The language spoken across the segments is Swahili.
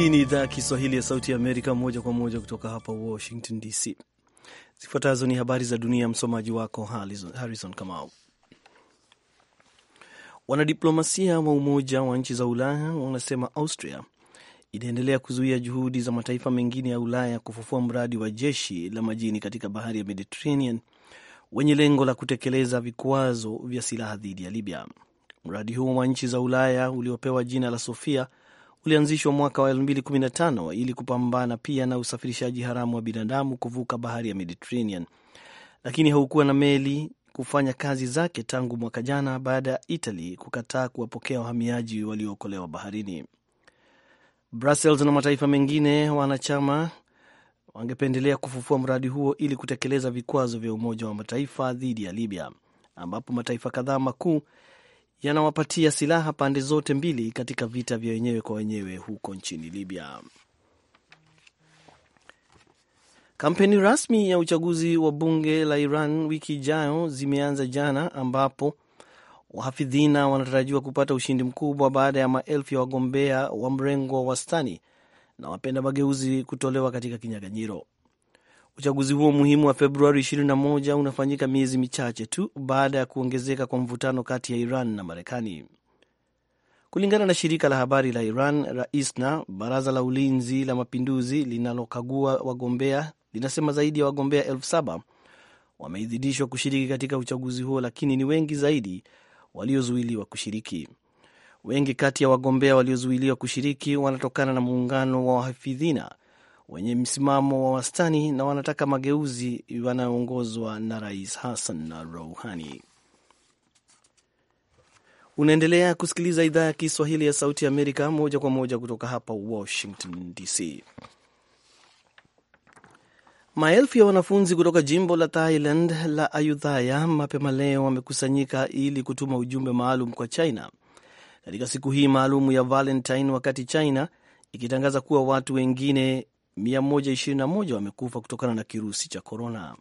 Hii ni idhaa ya Kiswahili ya Sauti ya Amerika, moja kwa moja kutoka hapa Washington DC. Zifuatazo ni habari za dunia, msomaji wako Harrison Kamau. Wanadiplomasia wa Umoja wa Nchi za Ulaya wanasema Austria inaendelea kuzuia juhudi za mataifa mengine ya Ulaya kufufua mradi wa jeshi la majini katika bahari ya Mediterranean wenye lengo la kutekeleza vikwazo vya silaha dhidi ya Libya. Mradi huo wa nchi za Ulaya uliopewa jina la Sofia ulianzishwa mwaka wa 2015 ili kupambana pia na usafirishaji haramu wa binadamu kuvuka bahari ya Mediterranean, lakini haukuwa na meli kufanya kazi zake tangu mwaka jana baada ya Italy kukataa kuwapokea wahamiaji waliookolewa baharini. Brussels na mataifa mengine wanachama wangependelea kufufua mradi huo ili kutekeleza vikwazo vya Umoja wa Mataifa dhidi ya Libya, ambapo mataifa kadhaa makuu yanawapatia silaha pande zote mbili katika vita vya wenyewe kwa wenyewe huko nchini Libya. Kampeni rasmi ya uchaguzi wa bunge la Iran wiki ijayo zimeanza jana, ambapo wahafidhina wanatarajiwa kupata ushindi mkubwa baada ya maelfu ya wagombea wa mrengo wa wastani na wapenda mageuzi kutolewa katika kinyaganyiro. Uchaguzi huo muhimu wa Februari 21 unafanyika miezi michache tu baada ya kuongezeka kwa mvutano kati ya Iran na Marekani. Kulingana na shirika la habari la Iran Raisna, baraza la ulinzi la mapinduzi linalokagua wagombea linasema zaidi ya wagombea elfu saba wameidhinishwa kushiriki katika uchaguzi huo, lakini ni wengi zaidi waliozuiliwa kushiriki. Wengi kati ya wagombea waliozuiliwa kushiriki wanatokana na muungano wa wahafidhina wenye msimamo wa wastani na wanataka mageuzi wanayoongozwa na Rais Hassan Rouhani. Unaendelea kusikiliza idhaa ya Kiswahili ya Sauti Amerika moja kwa moja kutoka hapa Washington DC. Maelfu ya wanafunzi kutoka jimbo la Thailand la ayudhaya mapema leo wamekusanyika ili kutuma ujumbe maalum kwa China katika siku hii maalum ya Valentine, wakati China ikitangaza kuwa watu wengine 121 wamekufa kutokana na kirusi cha korona.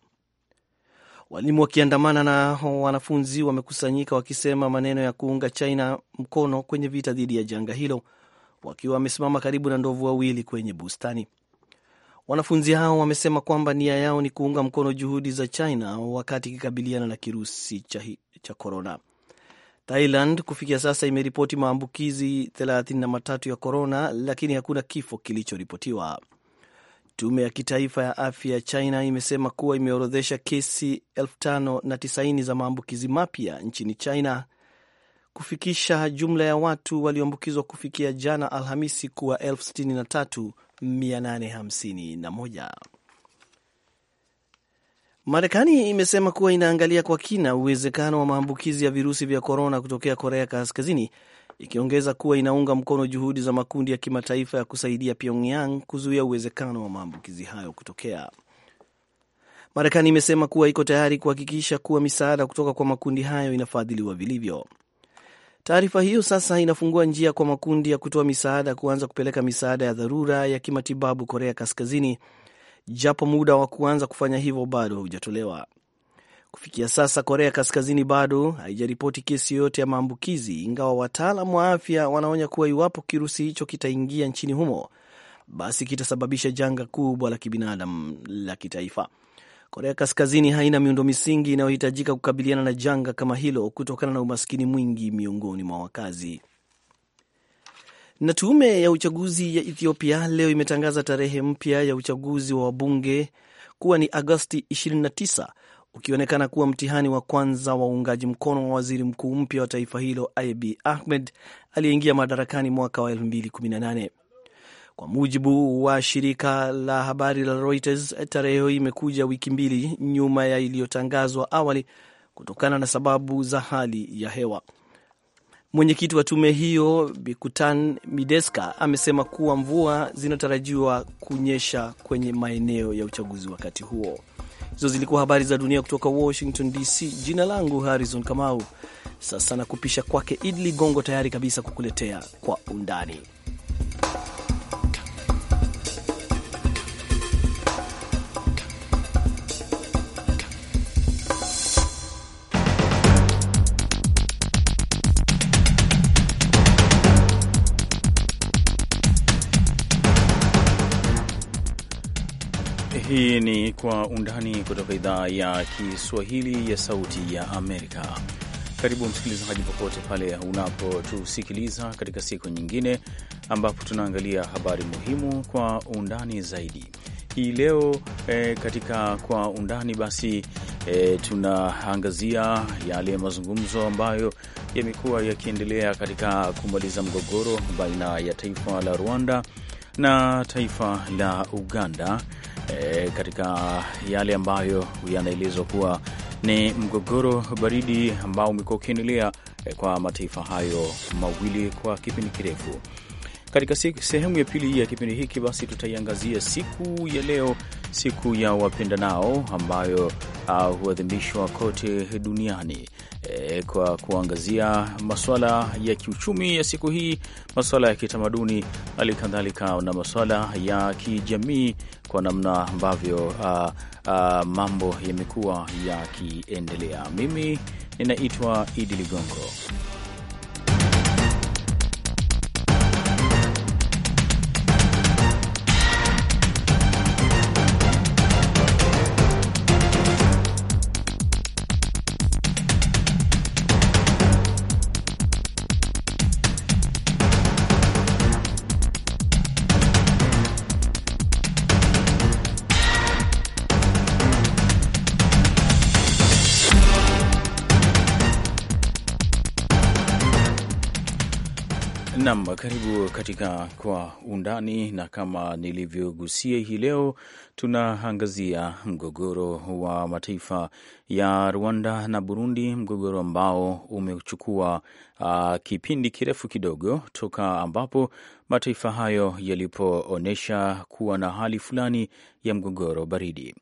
Walimu wakiandamana na wanafunzi wamekusanyika wakisema maneno ya kuunga China mkono kwenye vita dhidi ya janga hilo, wakiwa wamesimama karibu na ndovu wawili kwenye bustani. Wanafunzi hao wamesema kwamba nia yao ni kuunga mkono juhudi za China wakati ikikabiliana na kirusi cha korona. Thailand kufikia sasa imeripoti maambukizi 33 ya korona, lakini hakuna kifo kilichoripotiwa. Tume ya kitaifa ya afya ya China imesema kuwa imeorodhesha kesi 590 za maambukizi mapya nchini China kufikisha jumla ya watu walioambukizwa kufikia jana Alhamisi kuwa 63851. Marekani imesema kuwa inaangalia kwa kina uwezekano wa maambukizi ya virusi vya korona kutokea Korea Kaskazini ikiongeza kuwa inaunga mkono juhudi za makundi ya kimataifa ya kusaidia Pyongyang kuzuia uwezekano wa maambukizi hayo kutokea. Marekani imesema kuwa iko tayari kuhakikisha kuwa misaada kutoka kwa makundi hayo inafadhiliwa vilivyo. Taarifa hiyo sasa inafungua njia kwa makundi ya kutoa misaada kuanza kupeleka misaada ya dharura ya kimatibabu Korea Kaskazini, japo muda wa kuanza kufanya hivyo bado haujatolewa. Kufikia sasa Korea Kaskazini bado haijaripoti kesi yoyote ya maambukizi, ingawa wataalam wa afya wanaonya kuwa iwapo kirusi hicho kitaingia nchini humo, basi kitasababisha janga kubwa la kibinadamu la kitaifa. Korea Kaskazini haina miundo misingi inayohitajika kukabiliana na janga kama hilo kutokana na umaskini mwingi miongoni mwa wakazi. Na tume ya uchaguzi ya Ethiopia leo imetangaza tarehe mpya ya uchaguzi wa wabunge kuwa ni Agosti 29 ukionekana kuwa mtihani wa kwanza wa uungaji mkono wa waziri mkuu mpya wa taifa hilo ib Ahmed aliyeingia madarakani mwaka wa 2018. Kwa mujibu wa shirika la habari la Reuters, tarehe hiyo imekuja wiki mbili nyuma ya iliyotangazwa awali kutokana na sababu za hali ya hewa. Mwenyekiti wa tume hiyo Bikutan Mideska amesema kuwa mvua zinatarajiwa kunyesha kwenye maeneo ya uchaguzi wakati huo. Hizo zilikuwa habari za dunia kutoka Washington DC. Jina langu Harrison Kamau. Sasa nakupisha kwake Idli Gongo, tayari kabisa kukuletea kwa undani Hii ni Kwa Undani kutoka idhaa ya Kiswahili ya Sauti ya Amerika. Karibu msikilizaji, popote pale unapotusikiliza katika siku nyingine ambapo tunaangalia habari muhimu kwa undani zaidi. Hii leo e, katika Kwa Undani basi e, tunaangazia yale mazungumzo ambayo yamekuwa yakiendelea katika kumaliza mgogoro baina ya taifa la Rwanda na taifa la Uganda e, katika yale ambayo yanaelezwa kuwa ni mgogoro baridi ambao umekuwa ukiendelea e, kwa mataifa hayo mawili kwa kipindi kirefu. Katika sehemu ya pili ya kipindi hiki, basi tutaiangazia siku ya leo, siku ya wapendanao ambayo uh, huadhimishwa kote duniani e, kwa kuangazia maswala ya kiuchumi ya siku hii, maswala ya kitamaduni, hali kadhalika na maswala ya kijamii kwa namna ambavyo uh, uh, mambo yamekuwa yakiendelea. Mimi ninaitwa Idi Ligongo. Nam, karibu katika Kwa Undani, na kama nilivyogusia, hii leo tunaangazia mgogoro wa mataifa ya Rwanda na Burundi, mgogoro ambao umechukua uh, kipindi kirefu kidogo toka ambapo mataifa hayo yalipoonyesha kuwa na hali fulani ya mgogoro baridi.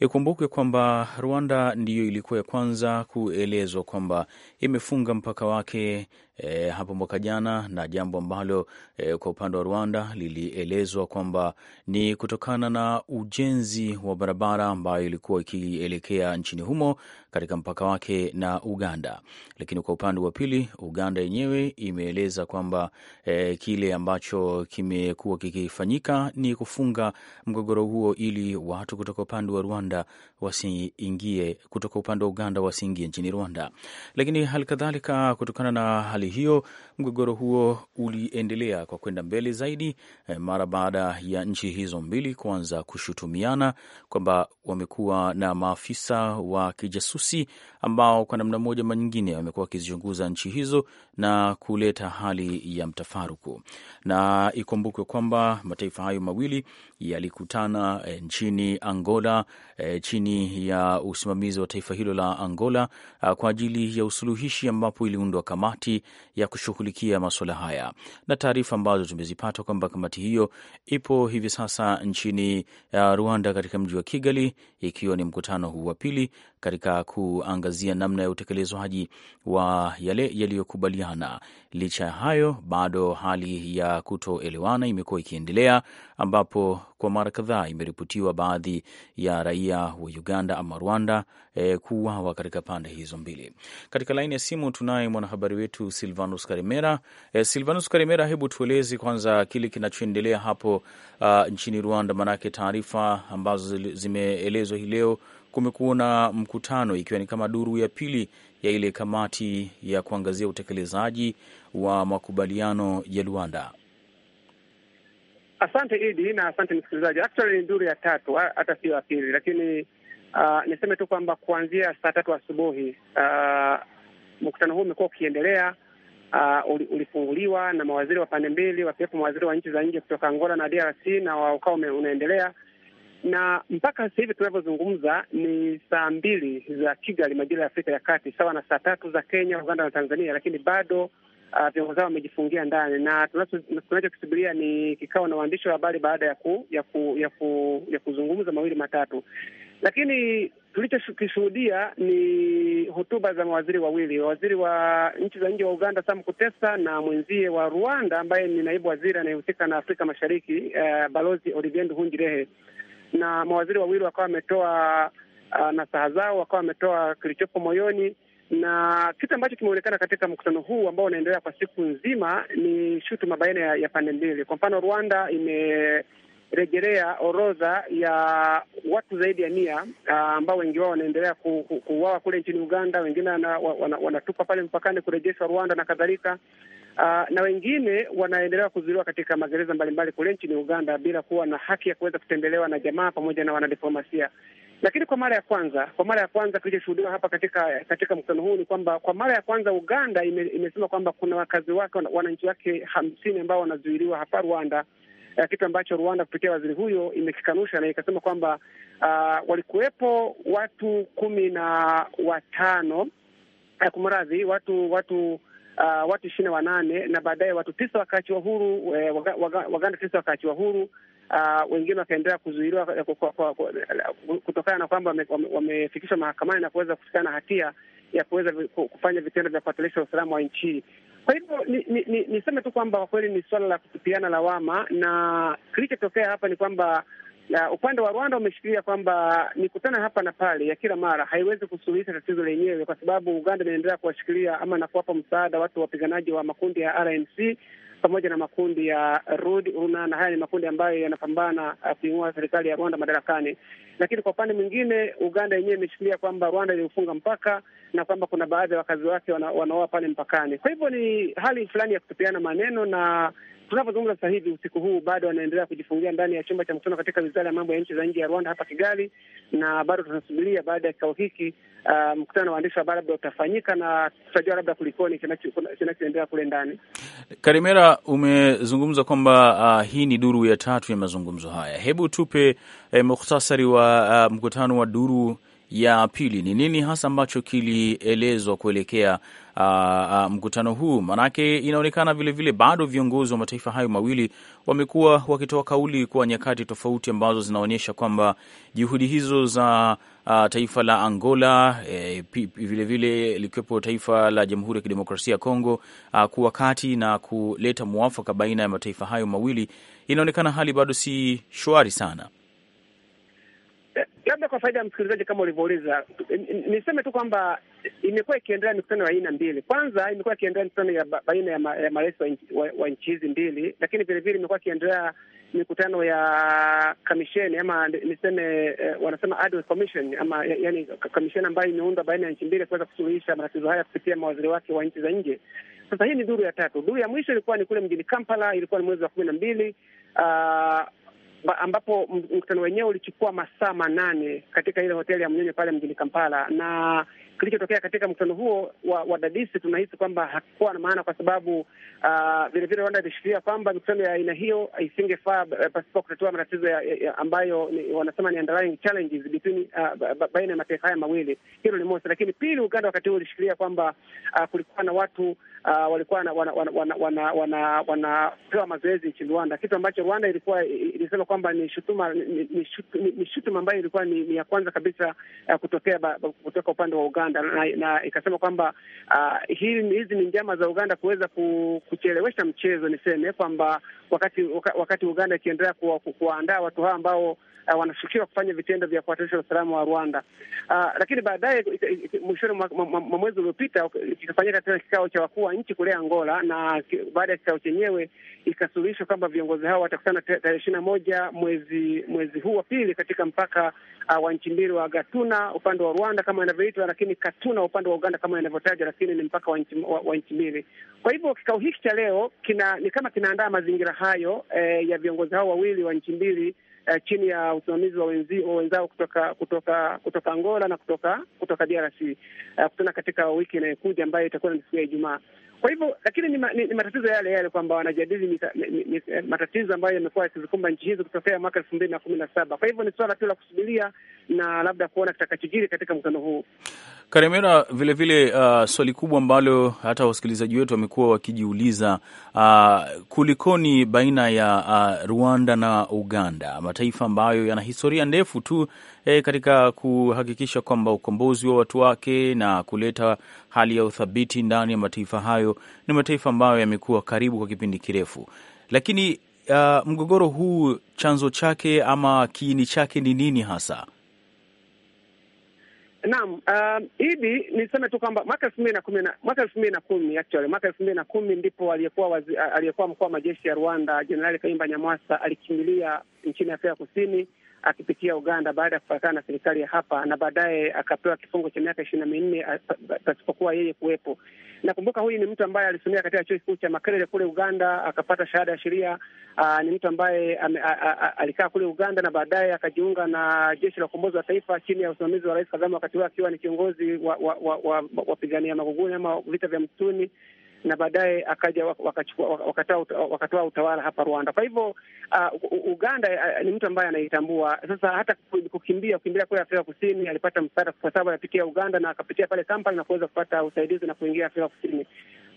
Ikumbukwe kwamba Rwanda ndiyo ilikuwa ya kwanza kuelezwa kwamba imefunga mpaka wake e, hapo mwaka jana, na jambo ambalo e, kwa upande wa Rwanda lilielezwa kwamba ni kutokana na ujenzi wa barabara ambayo ilikuwa ikielekea nchini humo katika mpaka wake na Uganda. Lakini kwa upande wa pili, Uganda yenyewe imeeleza kwamba eh, kile ambacho kimekuwa kikifanyika ni kufunga mgogoro huo ili watu kutoka upande wa Rwanda wasiingie, kutoka upande wa Uganda wasiingie nchini Rwanda. Lakini halikadhalika, kutokana na hali hiyo Mgogoro huo uliendelea kwa kwenda mbele zaidi eh, mara baada ya nchi hizo mbili kuanza kushutumiana kwamba wamekuwa na maafisa wa kijasusi ambao kwa namna moja ama nyingine wamekuwa wakizichunguza nchi hizo na kuleta hali ya mtafaruku. Na ikumbukwe kwamba mataifa hayo mawili yalikutana eh, nchini Angola eh, chini ya usimamizi wa taifa hilo la Angola ah, kwa ajili ya usuluhishi, ambapo iliundwa kamati ya kushughulikia kushughulikia masuala haya, na taarifa ambazo tumezipata kwamba kamati hiyo ipo hivi sasa nchini uh, Rwanda katika mji wa Kigali, ikiwa ni mkutano huu wa pili, katika kuangazia namna ya utekelezwaji wa yale yaliyokubaliana. Licha ya hayo, bado hali ya kutoelewana imekuwa ikiendelea, ambapo kwa mara kadhaa imeripotiwa baadhi ya raia wa Uganda ama Rwanda e, kuuawa katika pande hizo mbili. Katika laini ya simu tunaye mwanahabari wetu Silvanus Karimera. E, Silvanus Karimera, hebu tueleze kwanza kile kinachoendelea hapo uh, nchini Rwanda, maanake taarifa ambazo zimeelezwa hii leo kumekuwa na mkutano ikiwa ni kama duru ya pili ya ile kamati ya kuangazia utekelezaji wa makubaliano ya Luanda. Asante Idi na asante msikilizaji. Actually ni duru ya tatu, hata sio ya pili, lakini uh, niseme tu kwamba kuanzia saa tatu asubuhi uh, mkutano huu umekuwa ukiendelea uh, ulifunguliwa na mawaziri wa pande mbili wakiwepo mawaziri wa nchi za nje kutoka Angola na DRC na ukawa unaendelea na mpaka sasa hivi tunavyozungumza ni saa mbili za Kigali majira ya Afrika ya Kati, sawa na saa tatu za Kenya, Uganda na Tanzania, lakini bado uh, viongozi hao wamejifungia ndani, na tunachokisubiria ni kikao na waandishi wa habari baada ya ku, ya, ku, ya, ku, ya kuzungumza mawili matatu, lakini tulichokishuhudia ni hotuba za mawaziri wawili, waziri wa nchi za nje wa Uganda Sam Kutesa na mwenzie wa Rwanda ambaye ni naibu waziri anayehusika na Afrika Mashariki, uh, balozi Olivier Nduhungirehe na mawaziri wawili wakawa wametoa uh, nasaha zao, wakawa wametoa kilichopo moyoni, na kitu ambacho kimeonekana katika mkutano huu ambao unaendelea kwa siku nzima ni shutuma baina ya, ya pande mbili. Kwa mfano Rwanda ime rejelea orodha ya watu zaidi ya mia ah, ambao wengi wao wanaendelea kuuawa kule nchini Uganda, wengine wanatupa wana, wana pale mpakani kurejeshwa Rwanda na kadhalika. Ah, na wengine wanaendelea kuzuiliwa katika magereza mbalimbali kule nchini Uganda bila kuwa na haki ya kuweza kutembelewa na jamaa pamoja na wanadiplomasia. Lakini kwa mara ya kwanza, kwa mara ya kwanza kilichoshuhudiwa hapa katika katika mkutano huu ni kwamba kwa mara ya kwanza Uganda ime, imesema kwamba kuna wakazi wake, wananchi wake hamsini ambao wanazuiliwa hapa Rwanda uh, kitu ambacho Rwanda kupitia waziri huyo imekikanusha na ikasema kwamba uh, walikuwepo watu kumi na watano eh, kumradhi, watu watu Uh, watu ishirini na wanane na baadaye watu tisa wakaachiwa huru, Waganda eh, waga, waga tisa wakaachiwa huru, uh, wengine wakaendelea kuzuiliwa kutokana na kwamba wamefikishwa wame mahakamani na kuweza kufikana na hatia ya kuweza kufanya vitendo vya kuhatarisha usalama wa nchi. Kwa hivyo niseme ni, ni, ni tu kwamba kwa kweli ni suala la kutupiana lawama, na kilichotokea hapa ni kwamba la, upande wa Rwanda umeshikilia kwamba mikutano hapa na pale ya kila mara haiwezi kusuluhisha tatizo lenyewe, kwa sababu Uganda inaendelea kuwashikilia ama na kuwapa msaada watu wapiganaji wa makundi ya RNC pamoja na makundi ya Rudi Una, na haya ni makundi ambayo yanapambana uh, kuing'oa serikali ya Rwanda madarakani. Lakini kwa upande mwingine, Uganda yenyewe imeshikilia kwamba Rwanda iliufunga mpaka na kwamba kuna baadhi ya wakazi wake wanaoa pale mpakani. Kwa hivyo ni hali fulani ya kutupiana maneno na Tunapozungumza sasa hivi usiku huu bado anaendelea kujifungia ndani ya chumba cha mkutano katika wizara ya mambo ya nchi za nje ya Rwanda hapa Kigali, na bado tunasubiria baada ya kikao hiki uh, mkutano wa waandishi wa habari labda utafanyika na tutajua labda kulikoni kinachoendelea kule ndani. Karimera, umezungumza kwamba uh, hii ni duru ya tatu ya mazungumzo haya. Hebu tupe eh, mukhtasari wa uh, mkutano wa duru ya pili, ni nini hasa ambacho kilielezwa kuelekea uh, uh mkutano huu? Maanake inaonekana vilevile vile bado viongozi wa mataifa hayo mawili wamekuwa wakitoa kauli kwa nyakati tofauti ambazo zinaonyesha kwamba juhudi hizo za uh, taifa la Angola vilevile eh, likiwepo taifa la Jamhuri ya Kidemokrasia ya Kongo uh, kuwa kati na kuleta mwafaka baina ya mataifa hayo mawili, inaonekana hali bado si shwari sana. Labda kwa faida ya msikilizaji, kama ulivyouliza, niseme tu kwamba imekuwa ikiendelea mikutano ya aina mbili. Kwanza imekuwa ikiendelea mikutano ya baina ya, ma, ya marais wa, wa, wa nchi hizi mbili, lakini vilevile imekuwa ikiendelea mikutano ya kamisheni ama niseme eh, wanasema ad hoc commission ama yani kamisheni ambayo imeundwa baina ya nchi mbili kuweza kusuluhisha matatizo haya kupitia mawaziri wake wa nchi za nje. Sasa hii ni duru ya tatu. Duru ya mwisho ilikuwa ni kule mjini Kampala, ilikuwa ni mwezi wa kumi na mbili. Uh, ambapo mkutano wenyewe ulichukua masaa manane katika ile hoteli ya Mnyonyo pale mjini Kampala na kilichotokea katika mkutano huo wa wadadisi, tunahisi kwamba hakikuwa na maana, kwa sababu vilevile uh, Rwanda ilishikiria kwamba mikutano ya aina hiyo isingefaa uh, pasipo kutatua matatizo ambayo ni, wanasema ni underlying challenges between uh, baina ya mataifa haya mawili. Hilo ni mosi, lakini pili, Uganda wakati huo ilishikilia kwamba kulikuwa na watu Uh, walikuwa wanapewa wana, wana, wana, wana mazoezi nchini Rwanda, kitu ambacho Rwanda ilikuwa ilisema kwamba ni shutuma ni, ni, ni shutuma ambayo ilikuwa ni, ni ya kwanza kabisa uh, kutokea kutoka upande wa Uganda. Uganda na, na ikasema kwamba uh, hizi ni njama za Uganda kuweza kuchelewesha mchezo. Niseme kwamba wakati wakati Uganda ikiendelea kuwaandaa watu hao ambao uh, wanashukiwa kufanya vitendo vya kuhatarisha usalama wa Rwanda. Uh, lakini baadaye mwishoni mwa mwezi uliopita kikafanyika tena kikao cha wakuu wa nchi kule Angola, na baada ya kikao chenyewe ikasuluhishwa kwamba viongozi hao watakutana tarehe ishirini na moja mwezi mwezi huu wa pili katika mpaka uh, wa nchi mbili wa Gatuna upande wa Rwanda kama inavyoitwa, lakini Katuna upande wa Uganda kama inavyotaja, lakini ni mpaka wa nchi wa nchi mbili. Kwa hivyo kikao hiki cha leo kina ni kama kinaandaa mazingira hayo eh, ya viongozi hao wawili wa nchi mbili eh, chini ya usimamizi wa wenzao kutoka kutoka kutoka Angola na kutoka kutoka DRC eh, kutana katika wiki inayokuja ambayo itakuwa ni siku ya Ijumaa. Kwa hivyo lakini ni, ma, ni, ni matatizo yale yale kwamba wanajadili eh, matatizo ambayo yamekuwa yakizikumba nchi hizi kutokea mwaka elfu mbili na kumi na saba. Kwa hivyo ni suala tu la kusubiria na labda kuona kitakachojiri katika mkutano huu. Karemera, vilevile uh, swali kubwa ambalo hata wasikilizaji wetu wamekuwa wakijiuliza uh, kulikoni baina ya uh, Rwanda na Uganda, mataifa ambayo yana historia ndefu tu e, katika kuhakikisha kwamba ukombozi wa watu wake na kuleta hali ya uthabiti ndani ya mataifa hayo. Ni mataifa ambayo yamekuwa karibu kwa kipindi kirefu, lakini uh, mgogoro huu chanzo chake ama kiini chake ni nini hasa? Naam, uh, hivi niseme tu kwamba mwaka elfu mbili na kumi mwaka elfu mbili na kumi actually mwaka elfu mbili na kumi ndipo aliyekuwa aliyekuwa mkuu wa majeshi ya Rwanda Jenerali Kayumba Nyamwasa alikimbilia nchini Afrika Kusini akipitia Uganda baada ya kupatikana na serikali ya hapa, na baadaye akapewa kifungo cha miaka ishirini na minne pasipokuwa yeye kuwepo. Nakumbuka huyu ni mtu ambaye alisomea katika chuo kikuu cha Makerere kule Uganda, akapata shahada ya sheria. Ni mtu ambaye alikaa kule Uganda na baadaye akajiunga na jeshi la ukombozi wa taifa chini ya usimamizi wa Rais Kagame, wakati huo akiwa ni kiongozi wa wapigania wa, wa, wa, wa, wa, wa, wa, maguguni ama vita vya msituni na baadaye akaja wakatoa utawala hapa Rwanda. Kwa hivyo uh, Uganda uh, ni mtu ambaye anaitambua. Sasa hata kukimbia kukimbia kule Afrika Kusini alipata msaada, kwa sababu alipitia Uganda na akapitia pale Kampala na kuweza kupata usaidizi na kuingia Afrika Kusini.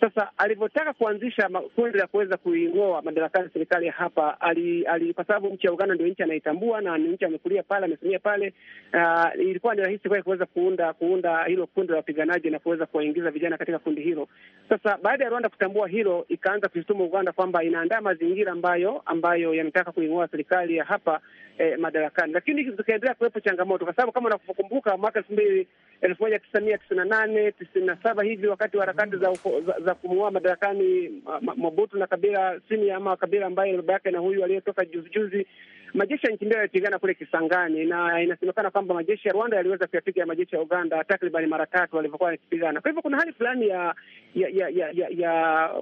Sasa alivyotaka kuanzisha kundi la kuweza kuing'oa madarakani serikali hapa ali, ali, kwa sababu nchi ya Uganda ndio nchi anaitambua na ni nchi amekulia pale, amesomia pale. Uh, ilikuwa ni rahisi kwake kuweza kuunda kuunda hilo kundi la wapiganaji na kuweza kuwaingiza vijana katika kundi hilo. Sasa baada ya Rwanda kutambua hilo, ikaanza kuishtuma Uganda kwamba inaandaa mazingira ambayo ambayo yanataka kuing'oa serikali ya hapa eh, madarakani, lakini zikaendelea kuwepo changamoto, kwa sababu kama unakumbuka mwaka elfu mbili elfu moja tisa mia tisini na nane tisini na saba hivi wakati wa harakati za, za, za kumua madarakani Mobutu na Kabila sini ama Kabila ambaye baba yake na huyu aliyetoka juzijuzi, majeshi ya nchi mbili yalipigana kule Kisangani, na inasemekana kwamba majeshi ya Rwanda yaliweza kuyapiga majeshi ya Uganda takriban mara tatu walivyokuwa wakipigana. Kwa hivyo kuna hali fulani ya ya ya ya, ya, ya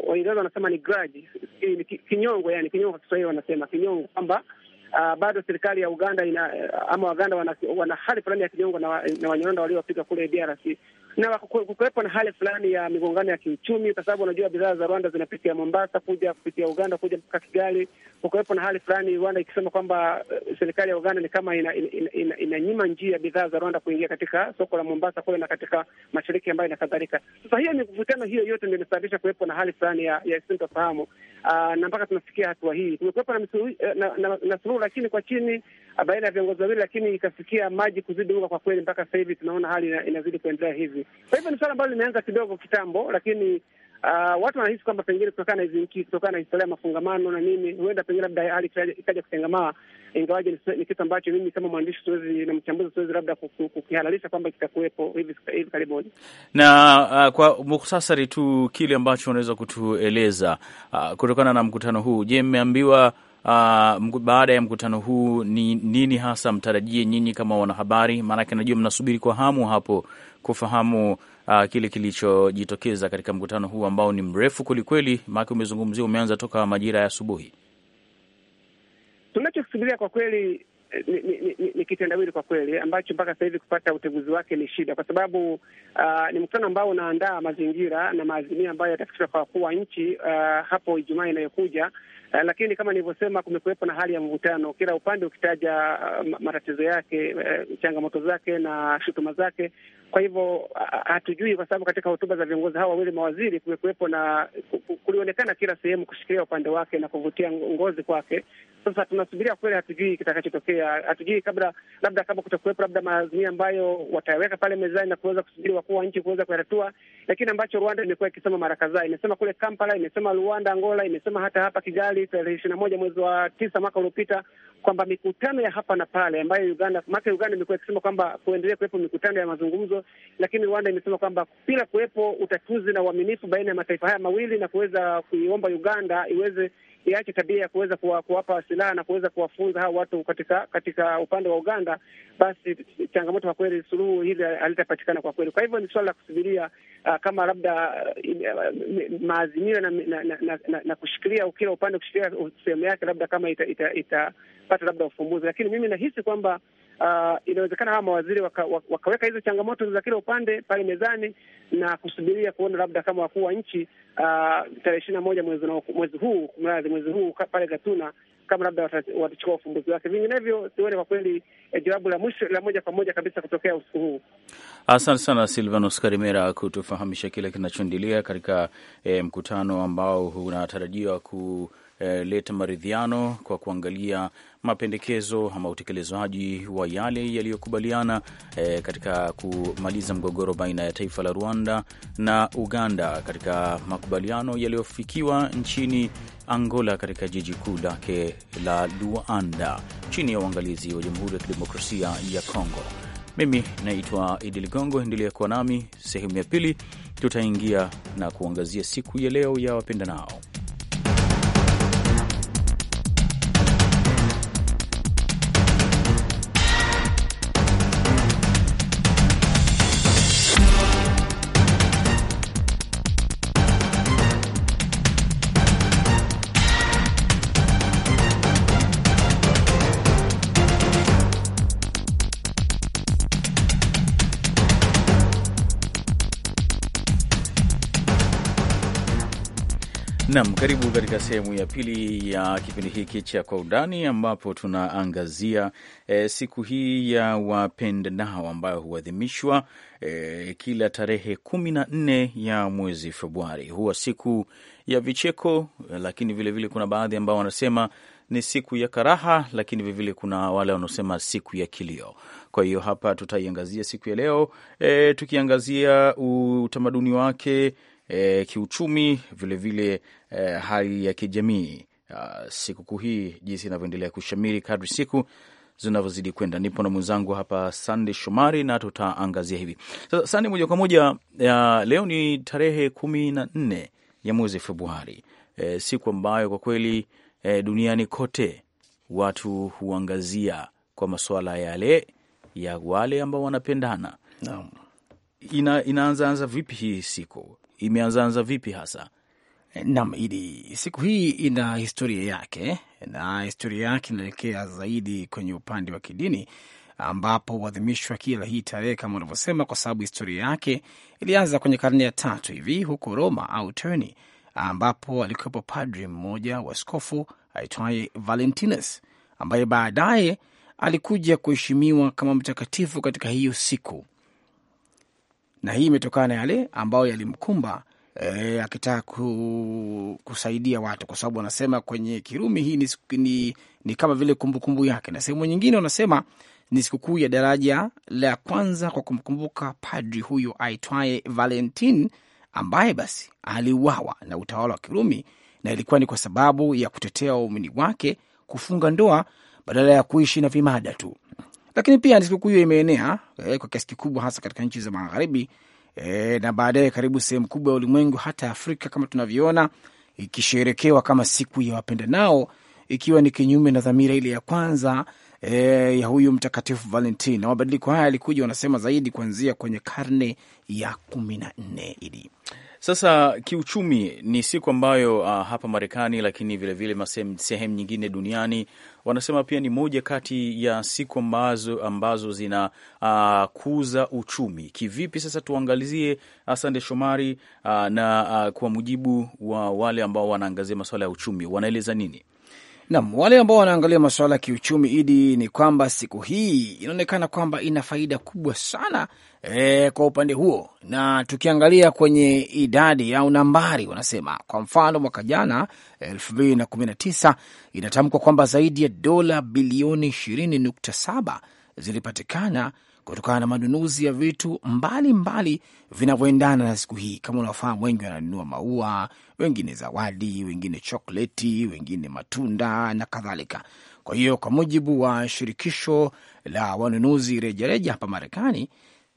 Waingereza wanasema ni grudge, kinyongo, yani kinyongo, Kiswahili wanasema kinyongo kwamba uh, bado serikali ya Uganda ina eh, ama Waganda wana, wana hali fulani ya kinyongo na, na Wanyarwanda waliowapiga kule DRC na kukuwepo na hali fulani ya migongano ya kiuchumi, kwa sababu unajua bidhaa za Rwanda zinapitia Mombasa kuja kupitia Uganda kuja mpaka Kigali. Kukuwepo na hali fulani Rwanda ikisema kwamba uh, serikali ya Uganda ni kama inanyima ina, ina, ina, ina njia bidhaa za Rwanda kuingia katika soko la Mombasa kule na katika mashariki ambayo na kadhalika. Sasa hiyo mikuvutano hiyo yote ndio inasababisha kuwepo na hali fulani ya, ya sintofahamu Ah, na mpaka tunafikia hatua hii. Tumekuwepo na, eh, na, na, na suluhu lakini kwa chini ah, baina ya viongozi wawili, lakini ikafikia maji kuzidi unga. Kwa kweli mpaka sasa hivi tunaona hali inazidi kuendelea hivi. Kwa hivyo ni suala ambalo limeanza kidogo kitambo, lakini Uh, watu wanahisi kwamba pengine kutokana na hizi nchi, kutokana na historia ya mafungamano na nini, huenda pengine labda hali ikaja kutengamaa, ingawaje ni kitu ambacho mimi kama mwandishi siwezi na mchambuzi siwezi labda kukihalalisha kwamba kitakuwepo hivi hivi karibuni. Na uh, kwa muhtasari tu kile ambacho unaweza kutueleza uh, kutokana na mkutano huu, je, mmeambiwa Uh, baada ya mkutano huu ni nini hasa mtarajie nyinyi kama wanahabari? Maanake najua mnasubiri kwa hamu hapo kufahamu uh, kile kilichojitokeza katika mkutano huu ambao ni mrefu kwelikweli, maake umezungumzia, umeanza toka majira ya asubuhi. Tunachokisubiria kwa kweli eh, ni, ni, ni, ni kitendawili kwa kweli ambacho mpaka sasa hivi kupata uteguzi wake ni shida, kwa sababu uh, ni mkutano ambao unaandaa mazingira na maazimio ambayo yatafikishwa kwa wakuu wa nchi uh, hapo Ijumaa inayokuja. Uh, lakini kama nilivyosema, kumekuwepo na hali ya mvutano, kila upande ukitaja uh, matatizo yake uh, changamoto zake na shutuma zake, kwa hivyo hatujui, kwa sababu katika hotuba za viongozi hawa wawili mawaziri kumekuwepo na kulionekana kila sehemu kushikilia upande wake na kuvutia ngozi kwake, sasa tunasubiria kweli, hatujui kitakachotokea, hatujui kabla, labda kama kutakuwepo labda maazimio ambayo wataweka pale mezani na kuweza kusubiri wakuu wa nchi kuweza kuyatatua, lakini ambacho Rwanda imekuwa ikisema mara kadhaa, imesema kule Kampala, imesema Rwanda, Angola, imesema hata hapa Kigali tarehe ishirini na moja mwezi wa tisa mwaka uliopita kwamba mikutano ya hapa na pale ambayo Uganda maka Uganda imekuwa ikisema kwamba kuendelea kuwepo mikutano ya mazungumzo, lakini Rwanda imesema kwamba bila kuwepo utatuzi na uaminifu baina ya mataifa haya mawili na kuweza kuiomba Uganda iweze iache tabia ya kuweza kuwapa silaha na kuweza kuwafunza hao watu katika katika upande wa Uganda, basi changamoto kwa kweli, suluhu hili halitapatikana kwa kweli. Kwa hivyo ni suala la kusubiria uh, kama labda uh, maazimio na, na, na, na, na, na kushikilia kila upande kushikilia sehemu yake, labda kama itapata ita, ita, labda ufumbuzi, lakini mimi nahisi kwamba uh, inawezekana hawa mawaziri waka, wakaweka hizo changamoto za kila upande pale mezani na kusubiria kuona labda kama wakuu wa nchi uh, tarehe ishirini na moja mwezi, mwezi huu mradhi mwezi huu pale Gatuna kama labda watachukua ufumbuzi wake. Vinginevyo sione kwa kweli eh, jawabu la mwisho la moja kwa moja kabisa kutokea usiku huu. Asante sana Silvanus Karimera kutufahamisha kile kinachoendelea katika eh, mkutano ambao unatarajiwa ku Eh, leta maridhiano kwa kuangalia mapendekezo ama utekelezaji wa yale yaliyokubaliana eh, katika kumaliza mgogoro baina ya taifa la Rwanda na Uganda katika makubaliano yaliyofikiwa nchini Angola katika jiji kuu lake la Luanda chini ya uangalizi wa Jamhuri ya Kidemokrasia ya Kongo. Mimi naitwa Idi Ligongo, endelea kuwa nami. Sehemu ya pili tutaingia na kuangazia siku ya leo ya wapendanao. Nam, karibu katika sehemu ya pili ya kipindi hiki cha Kwa Undani, ambapo tunaangazia e, siku hii ya wapendanao ambayo huadhimishwa e, kila tarehe kumi na nne ya mwezi Februari. Huwa siku ya vicheko, lakini vilevile vile kuna baadhi ambao wanasema ni siku ya karaha, lakini vilevile kuna wale wanaosema siku ya kilio. Kwa hiyo hapa tutaiangazia siku ya leo e, tukiangazia utamaduni wake E, kiuchumi vilevile eh, hali ya kijamii uh, sikukuu hii jinsi inavyoendelea kushamiri kadri siku zinavyozidi kwenda. Nipo na mwenzangu hapa Sande Shomari na tutaangazia hivi sasa. Sande, moja kwa moja, leo ni tarehe kumi na nne ya mwezi Februari, e, siku ambayo kwa kweli e, duniani kote watu huangazia kwa masuala yale ya wale ambao wanapendana no. Ina, inaanzaanza vipi hii siku imeanzaanza vipi hasa Nam Idi, siku hii ina historia yake, na historia yake inaelekea zaidi kwenye upande wa kidini, ambapo huadhimishwa kila hii tarehe kama unavyosema, kwa sababu historia yake ilianza kwenye karne ya tatu hivi huko Roma au Terni, ambapo alikuwepo padri mmoja wa skofu aitwaye Valentinus ambaye baadaye alikuja kuheshimiwa kama mtakatifu katika hiyo siku, na hii imetokana na yale ambayo yalimkumba e, akitaka ku, kusaidia watu, kwa sababu wanasema kwenye Kirumi hii ni, ni, ni kama vile kumbukumbu -kumbu yake, na sehemu nyingine wanasema ni sikukuu ya daraja la kwanza kwa kumkumbuka padri huyo aitwaye Valentin ambaye basi aliuawa na utawala wa Kirumi na ilikuwa ni kwa sababu ya kutetea waumini wake kufunga ndoa badala ya kuishi na vimada tu. Lakini pia sikukuu hiyo imeenea eh, kwa kiasi kikubwa hasa katika nchi za magharibi e, na baadaye karibu sehemu kubwa ya ulimwengu hata Afrika kama tunavyoona ikisherekewa kama siku ya nao ikiwa ni kinyume na dhamira ile ya kwanza e, ya huyu mtakatifu Valentin. Na mabadiliko haya yalikuja, wanasema zaidi kuanzia kwenye karne ya kumi na nne ili sasa kiuchumi ni siku ambayo uh, hapa Marekani lakini vilevile sehemu nyingine duniani wanasema pia ni moja kati ya siku ambazo, ambazo zinakuza ah, uh, uchumi kivipi. Sasa tuangalizie Asante ah, Shomari uh, na uh, kwa mujibu wa wale ambao wanaangazia masuala ya uchumi wanaeleza nini? Nam, wale ambao wanaangalia masuala ya kiuchumi idi, ni kwamba siku hii inaonekana kwamba ina faida kubwa sana e, kwa upande huo, na tukiangalia kwenye idadi au nambari, wanasema kwa mfano mwaka jana elfu mbili na kumi na tisa inatamkwa kwamba zaidi ya dola bilioni ishirini nukta saba zilipatikana kutokana na manunuzi ya vitu mbalimbali vinavyoendana na siku hii. Kama unaofahamu, wengi wananunua maua, wengine zawadi, wengine chokoleti, wengine matunda na kadhalika. Kwa hiyo kwa mujibu wa shirikisho la wanunuzi rejareja hapa Marekani,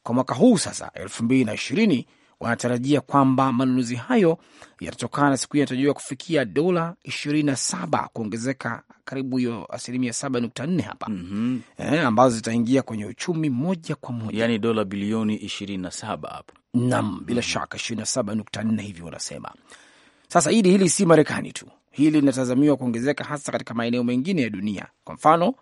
kwa mwaka huu sasa elfu mbili na ishirini wanatarajia kwamba manunuzi hayo yatatokana siku hii yanatarajiwa kufikia dola ishirini na saba, kuongezeka karibu hiyo asilimia saba nukta nne hapa mm -hmm. eh, ambazo zitaingia kwenye uchumi moja kwa moja, yani dola bilioni ishirini na saba hapa nam, bila mhm. shaka ishirini na saba nukta nne hivi wanasema. Sasa hili hili si Marekani tu, hili linatazamiwa kuongezeka hasa katika maeneo mengine ya dunia. Kwa mfano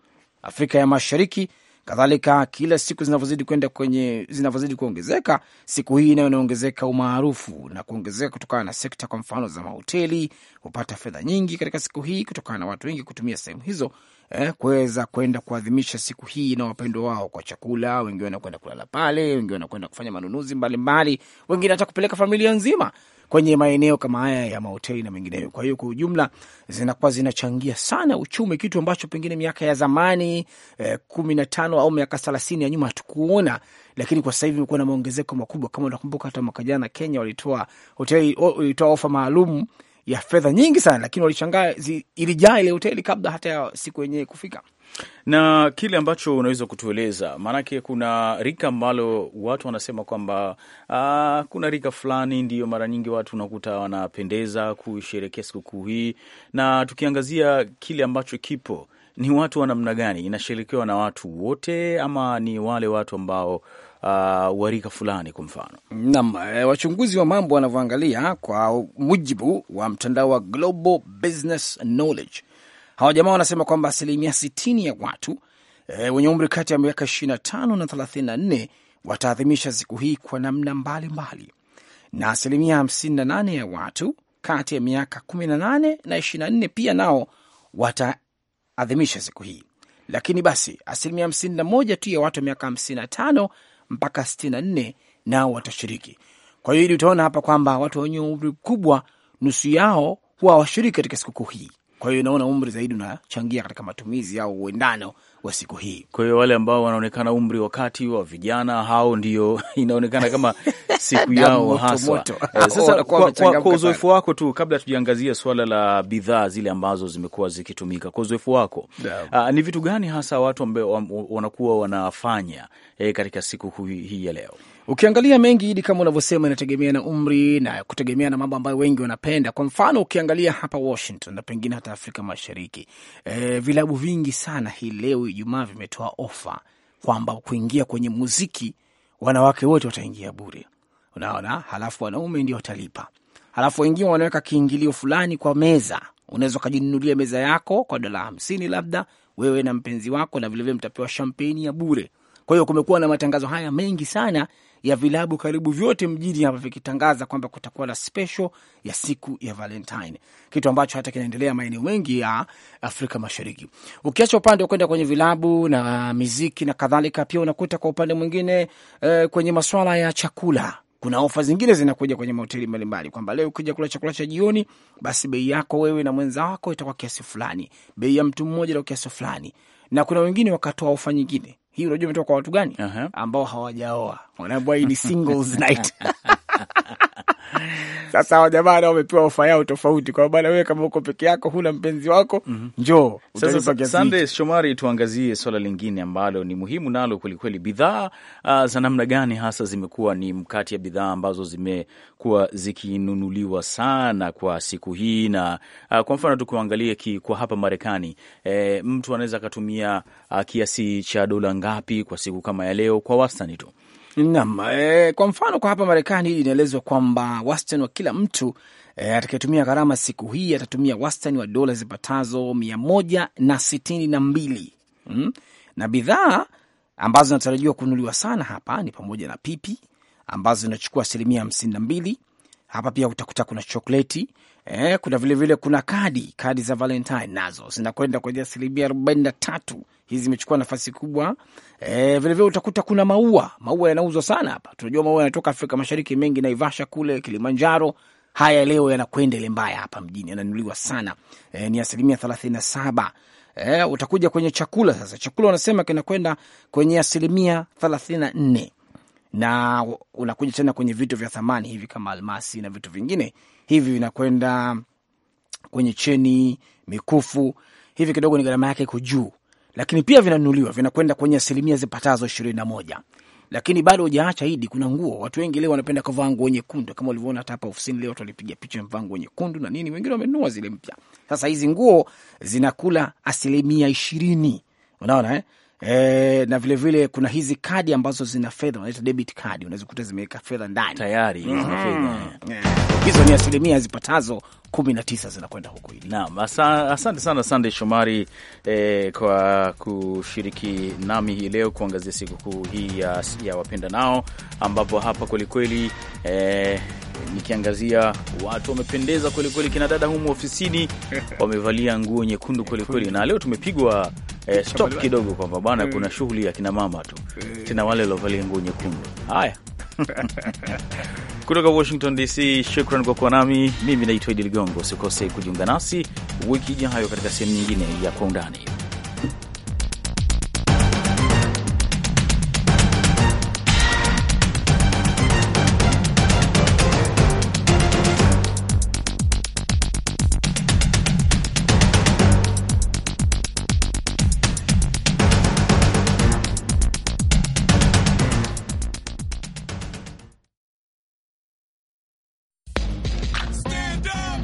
Afrika ya Mashariki Kadhalika, kila siku zinavyozidi kwenda kwenye zinavyozidi kuongezeka, siku hii nayo inaongezeka umaarufu na kuongezeka kutokana na sekta, kwa mfano za mahoteli hupata fedha nyingi katika siku hii kutokana na watu wengi kutumia sehemu hizo eh, kuweza kwenda kuadhimisha siku hii na wapendwa wao kwa chakula. Wengi wanakwenda kulala pale, wengi wanakwenda kufanya manunuzi mbalimbali, wengine hata kupeleka familia nzima kwenye maeneo kama haya ya mahoteli na mengineyo. Kwa hiyo kwa ujumla zinakuwa zinachangia sana uchumi, kitu ambacho pengine miaka ya zamani eh, kumi na tano au miaka thelathini ya nyuma hatukuona, lakini kwa sasa hivi imekuwa na maongezeko makubwa. Kama unakumbuka hata mwaka jana Kenya walitoa hoteli, walitoa ofa maalum ya fedha nyingi sana, lakini walishangaa ilijaa ile hoteli kabla hata ya siku yenyewe kufika. Na kile ambacho unaweza kutueleza, maanake kuna rika ambalo watu wanasema kwamba ah, kuna rika fulani ndiyo mara nyingi watu unakuta wanapendeza kusherekea sikukuu hii, na tukiangazia kile ambacho kipo, ni watu wa namna gani? Inasherekewa na watu wote ama ni wale watu ambao uh, warika fulani kwa mfano. Naam, eh, wachunguzi wa mambo wanavyoangalia kwa mujibu wa mtandao wa Global Business Knowledge, hawa jamaa wanasema kwamba asilimia sitini ya watu e, wenye umri kati ya miaka ishirini na tano na thelathini na nne wataadhimisha siku hii kwa namna mbalimbali mbali. Na asilimia hamsini na nane ya watu kati ya miaka kumi na nane na ishirini na nne pia nao wataadhimisha siku hii, lakini basi asilimia hamsini na moja tu ya watu wa miaka hamsini na tano mpaka 64 nao watashiriki. Kwa hiyo ili utaona hapa kwamba watu wenye umri mkubwa nusu yao huwa washiriki katika sikukuu hii. Kwa hiyo naona umri zaidi unachangia katika matumizi au uendano wa siku hii. Kwa hiyo wale ambao wanaonekana umri wakati wa vijana, hao ndio inaonekana kama siku yao haswa. Eh, sasa kwa, kwa, kwa uzoefu wako tu, kabla tujaangazia suala la bidhaa zile ambazo zimekuwa zikitumika, kwa uzoefu wako aa, ah, ni vitu gani hasa watu ambao wanakuwa wanafanya eh, katika siku hii ya leo? Ukiangalia mengi idi, kama unavyosema, inategemea na umri na kutegemea na mambo ambayo wengi wanapenda. Kwa mfano, ukiangalia hapa Washington na pengine hata Afrika Mashariki, e, vilabu vingi sana hii leo Ijumaa vimetoa ofa kwamba kuingia kwenye muziki wanawake wote wataingia bure, unaona, halafu wanaume ndio watalipa, halafu wengine wanaweka kiingilio fulani kwa meza. Unaweza ukajinunulia meza yako kwa dola hamsini labda wewe na mpenzi wako, na vilevile mtapewa shampeni ya bure. Kwa hiyo kumekuwa na matangazo haya mengi sana ya vilabu karibu vyote mjini hapa vikitangaza kwamba kutakuwa na special ya siku ya Valentine, kitu ambacho hata kinaendelea maeneo mengi ya Afrika Mashariki. Ukiacha upande wa kwenda kwenye vilabu na miziki na kadhalika, pia unakuta kwa upande mwingine eh, kwenye maswala ya chakula kuna ofa zingine zinakuja kwenye mahoteli mbalimbali kwamba leo ukija kula chakula cha jioni, basi bei yako wewe na mwenza wako itakuwa kiasi fulani, bei ya mtu mmoja itakuwa kiasi fulani, na kuna wengine wakatoa ofa nyingine hii unajua imetoka kwa watu gani? uh -huh. ambao hawajaoa wanaambia hii ni singles night Sasa wajamaa nao wamepewa ofa yao tofauti, kwa maana wewe kama uko peke yako, huna mpenzi wako, mhm. njoo. Sasa Sande Shomari, tuangazie swala lingine ambalo ni muhimu nalo kwelikweli. Bidhaa uh, za namna gani hasa zimekuwa ni mkati ya bidhaa ambazo zimekuwa zikinunuliwa sana kwa siku hii, na uh, kwa mfano tukuangalie kwa hapa Marekani e, mtu anaweza akatumia uh, kiasi cha dola ngapi kwa siku kama ya leo, kwa wastani tu Naam, e, kwa mfano kwa hapa Marekani inaelezwa kwamba wastani wa kila mtu e, atakayetumia gharama siku hii atatumia wastani wa dola zipatazo mia moja na sitini na mbili mm? na bidhaa ambazo zinatarajiwa kununuliwa sana hapa ni pamoja na pipi ambazo zinachukua asilimia hamsini na mbili. Hapa pia utakuta kuna chokleti Eh, kuna vile vile kuna kadi kadi za Valentine nazo zinakwenda kwenye asilimia arobaini na tatu. Hizi zimechukua nafasi kubwa vilevile. Eh, vile vile utakuta kuna maua, maua yanauzwa sana hapa. Tunajua maua yanatoka Afrika Mashariki mengi, Naivasha kule Kilimanjaro. Haya leo yanakwenda ile Mbaya hapa mjini, yananunuliwa sana e, ni asilimia thelathini na saba. E, utakuja kwenye chakula sasa. Chakula wanasema kinakwenda kwenye asilimia thelathini na nne na unakuja tena kwenye vitu vya thamani hivi kama almasi na vitu vingine hivi, vinakwenda kwenye cheni, mikufu hivi, kidogo ni gharama yake iko juu, lakini pia vinanunuliwa, vinakwenda kwenye asilimia zipatazo ishirini na moja lakini bado hujaacha hidi. Kuna nguo watu wengi leo wanapenda kuvaa nguo nyekundu, kama ulivyoona hata hapa ofisini leo, watu walipiga picha mvaa nguo nyekundu na nini, wengine wamenunua zile mpya. Sasa hizi nguo zinakula asilimia ishirini, unaona eh? E, na vilevile vile kuna hizi kadi ambazo zina fedha wanaita debit kadi, unaweza kukuta zimeweka fedha ndani tayari mm -hmm. yeah. ni asilimia zipatazo 19 zinakwenda huko zinakwenda huku. Naam, asante sana Sande Shomari eh, kwa kushiriki nami hii leo kuangazia sikukuu hii ya, ya wapenda nao, ambapo hapa kwelikweli eh, nikiangazia watu wamependeza kwelikweli, kina dada humu ofisini wamevalia nguo nyekundu kwelikweli, na leo tumepigwa eh, stop kidogo kwamba bwana mm. kuna shughuli ya kinamama tu mm. tena wale waliovalia nguo nyekundu. Haya, kutoka Washington DC, shukran kwa kuwa nami. Mimi naitwa Idi Ligongo. Usikose kujiunga nasi wiki ijayo katika sehemu nyingine ya Kwa Undani.